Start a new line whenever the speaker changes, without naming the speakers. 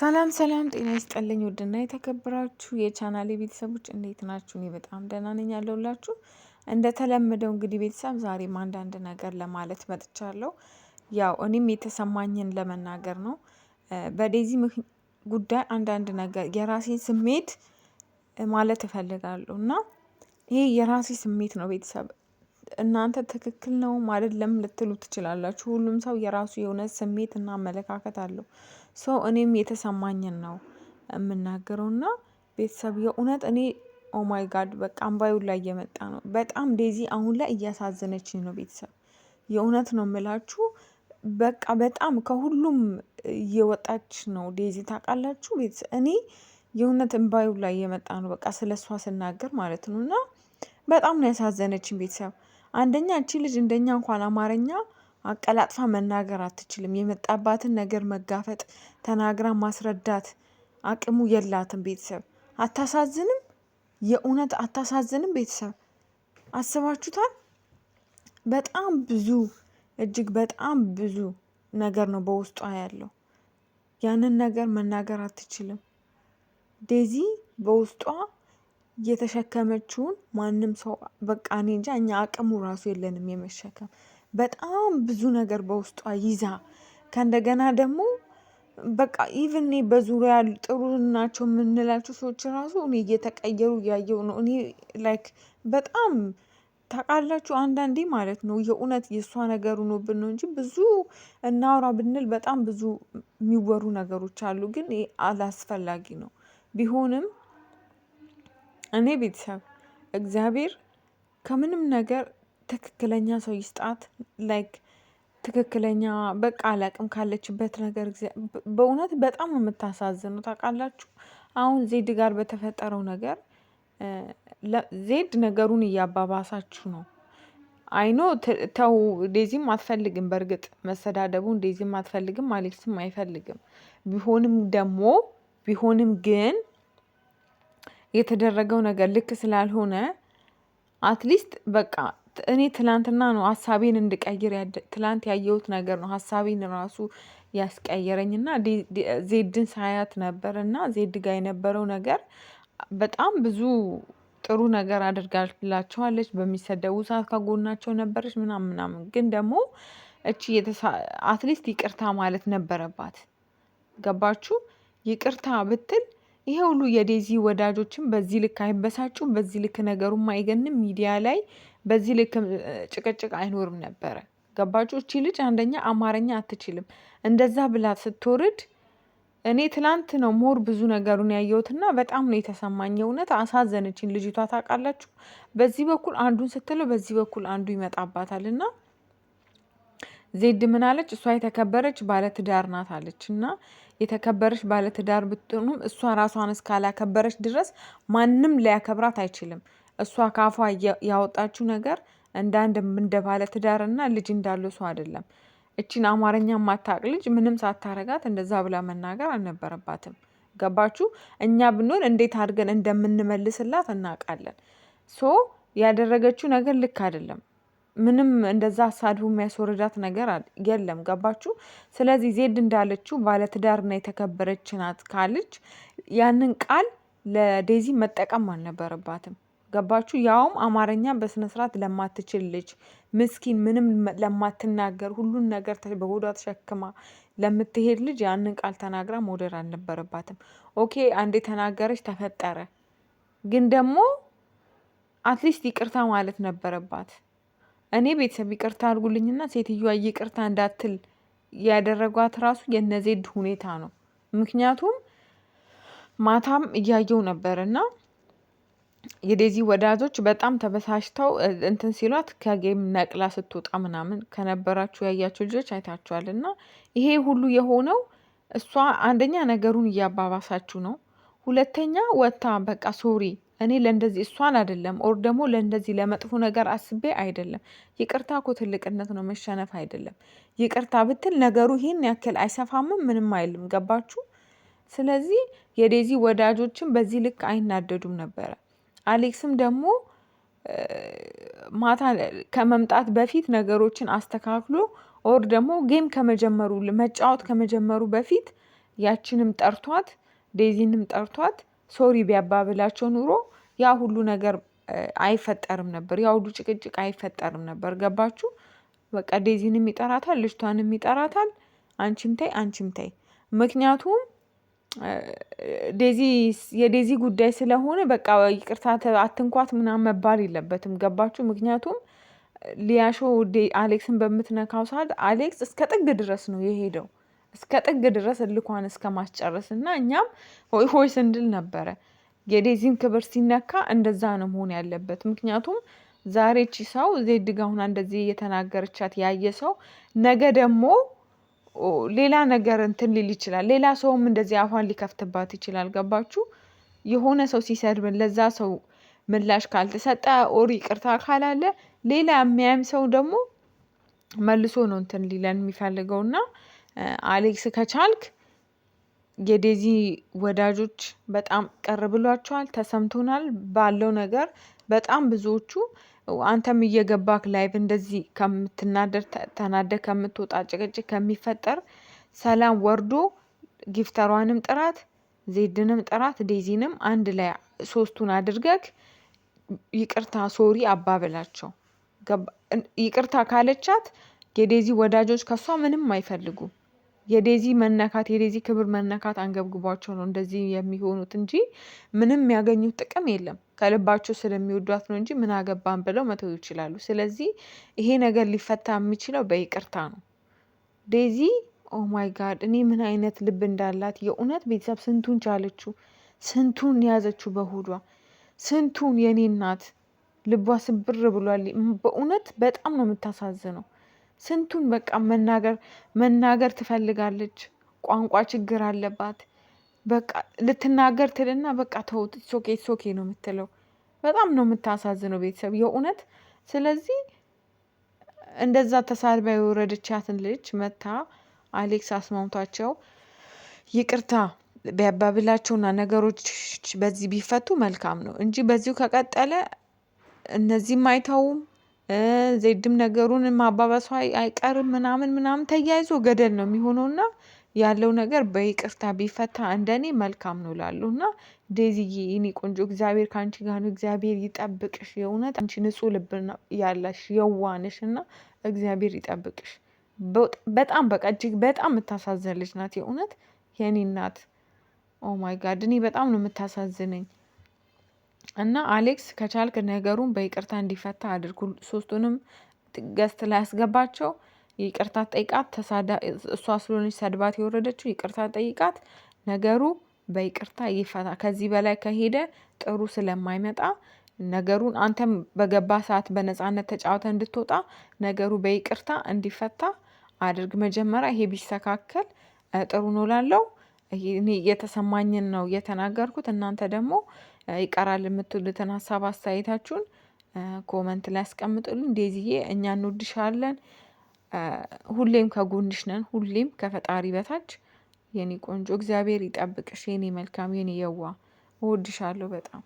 ሰላም ሰላም፣ ጤና ይስጠልኝ ውድና የተከበራችሁ የቻናሌ ቤተሰቦች እንዴት ናችሁ? እኔ በጣም ደህና ነኝ ያለሁላችሁ። እንደተለመደው እንግዲህ ቤተሰብ ዛሬም አንዳንድ ነገር ለማለት መጥቻለሁ። ያው እኔም የተሰማኝን ለመናገር ነው። በዴዚ ጉዳይ አንዳንድ ነገር የራሴን ስሜት ማለት እፈልጋለሁ እና ይሄ የራሴ ስሜት ነው ቤተሰብ እናንተ ትክክል ነው አይደለም ልትሉ ትችላላችሁ። ሁሉም ሰው የራሱ የሆነ ስሜት እና አመለካከት አለው። ሶ እኔም የተሰማኝን ነው የምናገረው እና ቤተሰብ የእውነት እኔ ኦ ማይ ጋድ በቃ አምባዬ ላይ እየመጣ ነው በጣም ዴዚ አሁን ላይ እያሳዘነችኝ ነው ቤተሰብ የእውነት ነው የምላችሁ። በቃ በጣም ከሁሉም እየወጣች ነው ዴዚ ታውቃላችሁ ቤተሰብ እኔ የእውነት እምባዬ ላይ እየመጣ ነው በቃ ስለእሷ ስናገር ማለት ነው እና በጣም ነው ያሳዘነችን ቤተሰብ አንደኛ እቺ ልጅ እንደኛ እንኳን አማርኛ አቀላጥፋ መናገር አትችልም የመጣባትን ነገር መጋፈጥ ተናግራ ማስረዳት አቅሙ የላትም። ቤተሰብ አታሳዝንም? የእውነት አታሳዝንም? ቤተሰብ አስባችሁታል? በጣም ብዙ እጅግ በጣም ብዙ ነገር ነው በውስጧ ያለው። ያንን ነገር መናገር አትችልም። ዴዚ በውስጧ የተሸከመችውን ማንም ሰው በቃ እኔ እንጃ እኛ አቅሙ ራሱ የለንም የመሸከም በጣም ብዙ ነገር በውስጧ ይዛ ከእንደገና ደግሞ በቃ ኢቭን እኔ በዙሪያ ጥሩ ናቸው የምንላቸው ሰዎች ራሱ እኔ እየተቀየሩ እያየው ነው። እኔ ላይክ በጣም ታውቃላችሁ አንዳንዴ ማለት ነው የእውነት የእሷ ነገር ሆኖብን ነው እንጂ ብዙ እናውራ ብንል በጣም ብዙ የሚወሩ ነገሮች አሉ፣ ግን አላስፈላጊ ነው ቢሆንም እኔ ቤተሰብ እግዚአብሔር ከምንም ነገር ትክክለኛ ሰው ይስጣት። ላይክ ትክክለኛ በቃ አላቅም ካለችበት ነገር በእውነት በጣም የምታሳዝኑ ታውቃላችሁ። አሁን ዜድ ጋር በተፈጠረው ነገር ዜድ ነገሩን እያባባሳችሁ ነው። አይኖ ተው፣ ዴዚም አትፈልግም። በእርግጥ መሰዳደቡ ዴዚም አትፈልግም፣ አሌክስም አይፈልግም። ቢሆንም ደግሞ ቢሆንም ግን የተደረገው ነገር ልክ ስላልሆነ አትሊስት በቃ እኔ ትላንትና ነው ሀሳቤን እንድቀይር ትላንት ያየሁት ነገር ነው ሀሳቤን ራሱ ያስቀየረኝ እና ዜድን ሳያት ነበር እና ዜድ ጋ የነበረው ነገር በጣም ብዙ ጥሩ ነገር አድርጋላቸዋለች። በሚሰደቡ ሰዓት ከጎናቸው ነበረች ምናምን ምናምን። ግን ደግሞ እቺ አትሊስት ይቅርታ ማለት ነበረባት። ገባችሁ? ይቅርታ ብትል ይሄ ሁሉ የዴዚ ወዳጆችም በዚህ ልክ አይበሳጩም። በዚህ ልክ ነገሩም አይገንም። ሚዲያ ላይ በዚህ ልክ ጭቅጭቅ አይኖርም ነበረ። ገባችሁ? እቺ ልጅ አንደኛ አማርኛ አትችልም። እንደዛ ብላ ስትወርድ እኔ ትላንት ነው ሞር ብዙ ነገሩን ያየሁትና በጣም ነው የተሰማኝ። እውነት አሳዘነችን ልጅቷ ታውቃላችሁ። በዚህ በኩል አንዱን ስትለው በዚህ በኩል አንዱ ይመጣባታል እና ዜድ ምን አለች? እሷ የተከበረች ባለትዳር ናት አለች እና የተከበረች ባለትዳር ብትሆኑም እሷ ራሷን እስካላከበረች ድረስ ማንም ሊያከብራት አይችልም። እሷ ካፏ ያወጣችው ነገር እንደ አንድ እንደ ባለትዳር እና ልጅ እንዳለው ሰው አይደለም። እቺን አማርኛ ማታቅ ልጅ ምንም ሳታረጋት እንደዛ ብላ መናገር አልነበረባትም። ገባችሁ? እኛ ብንሆን እንዴት አድርገን እንደምንመልስላት እናውቃለን። ሶ ያደረገችው ነገር ልክ አይደለም። ምንም እንደዛ ሳድቡ የሚያስወርዳት ነገር የለም። ገባችሁ? ስለዚህ ዜድ እንዳለችው ባለትዳርና የተከበረች ናት ካለች ያንን ቃል ለዴዚ መጠቀም አልነበረባትም። ገባችሁ? ያውም አማርኛ በስነስርዓት ለማትችል ልጅ ምስኪን፣ ምንም ለማትናገር፣ ሁሉን ነገር በሆዷ ተሸክማ ለምትሄድ ልጅ ያንን ቃል ተናግራ መውደድ አልነበረባትም። ኦኬ፣ አንዴ ተናገረች፣ ተፈጠረ። ግን ደግሞ አትሊስት ይቅርታ ማለት ነበረባት። እኔ ቤተሰብ ይቅርታ አድርጉልኝና ሴትዮዋ ይቅርታ እንዳትል ያደረጓት ራሱ የነዜድ ሁኔታ ነው። ምክንያቱም ማታም እያየው ነበር እና የዴዚ ወዳጆች በጣም ተበሳሽተው እንትን ሲሏት ከጌም ነቅላ ስትወጣ ምናምን ከነበራችሁ ያያቸው ልጆች አይታችኋል። እና ይሄ ሁሉ የሆነው እሷ አንደኛ ነገሩን እያባባሳችሁ ነው፣ ሁለተኛ ወታ በቃ ሶሪ እኔ ለእንደዚህ እሷን አይደለም ኦር ደግሞ ለእንደዚህ ለመጥፎ ነገር አስቤ አይደለም። ይቅርታ እኮ ትልቅነት ነው፣ መሸነፍ አይደለም። ይቅርታ ብትል ነገሩ ይህን ያክል አይሰፋምም፣ ምንም አይልም። ገባችሁ? ስለዚህ የዴዚ ወዳጆችን በዚህ ልክ አይናደዱም ነበረ። አሌክስም ደግሞ ማታ ከመምጣት በፊት ነገሮችን አስተካክሎ ኦር ደግሞ ጌም ከመጀመሩ መጫወት ከመጀመሩ በፊት ያችንም ጠርቷት ዴዚንም ጠርቷት ሶሪ ቢያባብላቸው ኑሮ ያ ሁሉ ነገር አይፈጠርም ነበር። ያ ሁሉ ጭቅጭቅ አይፈጠርም ነበር። ገባችሁ? በቃ ዴዚንም ይጠራታል፣ ልጅቷንም ይጠራታል። አንቺም ተይ፣ አንቺም ተይ። ምክንያቱም ዴዚ የዴዚ ጉዳይ ስለሆነ በቃ ይቅርታ አትንኳት ምናምን መባል የለበትም። ገባችሁ? ምክንያቱም ሊያሾ አሌክስን በምትነካው ሰዓት አሌክስ እስከ ጥግ ድረስ ነው የሄደው። እስከ ጥግ ድረስ እልኳን እስከ ማስጨረስ እና እኛም ሆይ ሆይ ስንድል ነበረ። የዴዚን ክብር ሲነካ እንደዛ ነው መሆን ያለበት። ምክንያቱም ዛሬ ቺ ሰው ዜድ ጋ ሁና እንደዚህ እየተናገረቻት ያየ ሰው ነገ ደግሞ ሌላ ነገር እንትን ሊል ይችላል። ሌላ ሰውም እንደዚህ አፏን ሊከፍትባት ይችላል። ገባችሁ? የሆነ ሰው ሲሰድብን ለዛ ሰው ምላሽ ካልተሰጠ ኦር ይቅርታ ካላለ ሌላ የሚያም ሰው ደግሞ መልሶ ነው እንትን ሊለን የሚፈልገውና አሌክስ ከቻልክ የዴዚ ወዳጆች በጣም ቅር ብሏቸዋል፣ ተሰምቶናል ባለው ነገር በጣም ብዙዎቹ አንተም እየገባክ ላይቭ እንደዚህ ከምትናደር ተናደ ከምትወጣ ጭቅጭቅ ከሚፈጠር ሰላም ወርዶ ጊፍተሯንም ጥራት፣ ዜድንም ጥራት፣ ዴዚንም አንድ ላይ ሶስቱን አድርገክ ይቅርታ ሶሪ አባብላቸው። ይቅርታ ካለቻት የዴዚ ወዳጆች ከሷ ምንም አይፈልጉ የዴዚ መነካት የዴዚ ክብር መነካት አንገብግቧቸው ነው እንደዚህ የሚሆኑት እንጂ ምንም የሚያገኙት ጥቅም የለም። ከልባቸው ስለሚወዷት ነው እንጂ ምን አገባን ብለው መተው ይችላሉ። ስለዚህ ይሄ ነገር ሊፈታ የሚችለው በይቅርታ ነው። ዴዚ ኦማይ ጋድ እኔ ምን አይነት ልብ እንዳላት የእውነት ቤተሰብ ስንቱን ቻለችው፣ ስንቱን ያዘችው በሆዷ ስንቱን የኔ እናት ልቧ ስብር ብሏል። በእውነት በጣም ነው የምታሳዝነው። ስንቱን በቃ መናገር መናገር ትፈልጋለች። ቋንቋ ችግር አለባት። በቃ ልትናገር ትልና በቃ ተውት ሶኬ ሶኬ ነው የምትለው። በጣም ነው የምታሳዝነው ቤተሰብ የእውነት። ስለዚህ እንደዛ ተሳድባ የወረደቻትን ልጅ መታ አሌክስ አስማምቷቸው ይቅርታ ቢያባብላቸውና ነገሮች በዚህ ቢፈቱ መልካም ነው እንጂ በዚሁ ከቀጠለ እነዚህም አይተውም ዜድም ነገሩን ማባባሷ አይቀርም ምናምን ምናምን ተያይዞ ገደል ነው የሚሆነውና ያለው ነገር በይቅርታ ቢፈታ እንደኔ መልካም ነው ላሉ እና ዴዚዬ የኔ ቆንጆ እግዚአብሔር ከአንቺ ጋር ነው። እግዚአብሔር ይጠብቅሽ። የእውነት አንቺ ንጹህ ልብ ያለሽ የዋንሽ እና እግዚአብሔር ይጠብቅሽ። በጣም በቃ እጅግ በጣም የምታሳዝን ልጅ ናት። የእውነት የኔ እናት ኦ ማይ ጋድ እኔ በጣም ነው የምታሳዝነኝ እና አሌክስ ከቻልክ ነገሩን በይቅርታ እንዲፈታ አድርጉ። ሶስቱንም ገስት ላይ አስገባቸው። ይቅርታ ጠይቃት። እሷ ስለሆነች ሰድባት የወረደችው ይቅርታ ጠይቃት። ነገሩ በይቅርታ ይፈታ። ከዚህ በላይ ከሄደ ጥሩ ስለማይመጣ ነገሩን አንተም በገባ ሰዓት በነጻነት ተጫወተ እንድትወጣ ነገሩ በይቅርታ እንዲፈታ አድርግ። መጀመሪያ ይሄ ቢስተካከል ጥሩ ነው ላለው እኔ እየተሰማኝን ነው እየተናገርኩት እናንተ ደግሞ ይቀራል የምትሉትን ሀሳብ አስተያየታችሁን ኮመንት ላይ አስቀምጡልን። ዴዚዬ እኛ እንወድሻለን፣ ሁሌም ከጎንሽ ነን፣ ሁሌም ከፈጣሪ በታች የኔ ቆንጆ እግዚአብሔር ይጠብቅሽ፣ የኔ መልካም፣ የኔ የዋ እወድሻለሁ በጣም